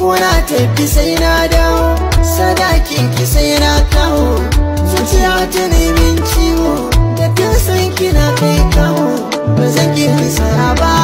kuna tafi sai na dawo sadakin ki sai na kawo zuciya ta nemin ciwo da san kina kai kawo ba zan ki hasara ba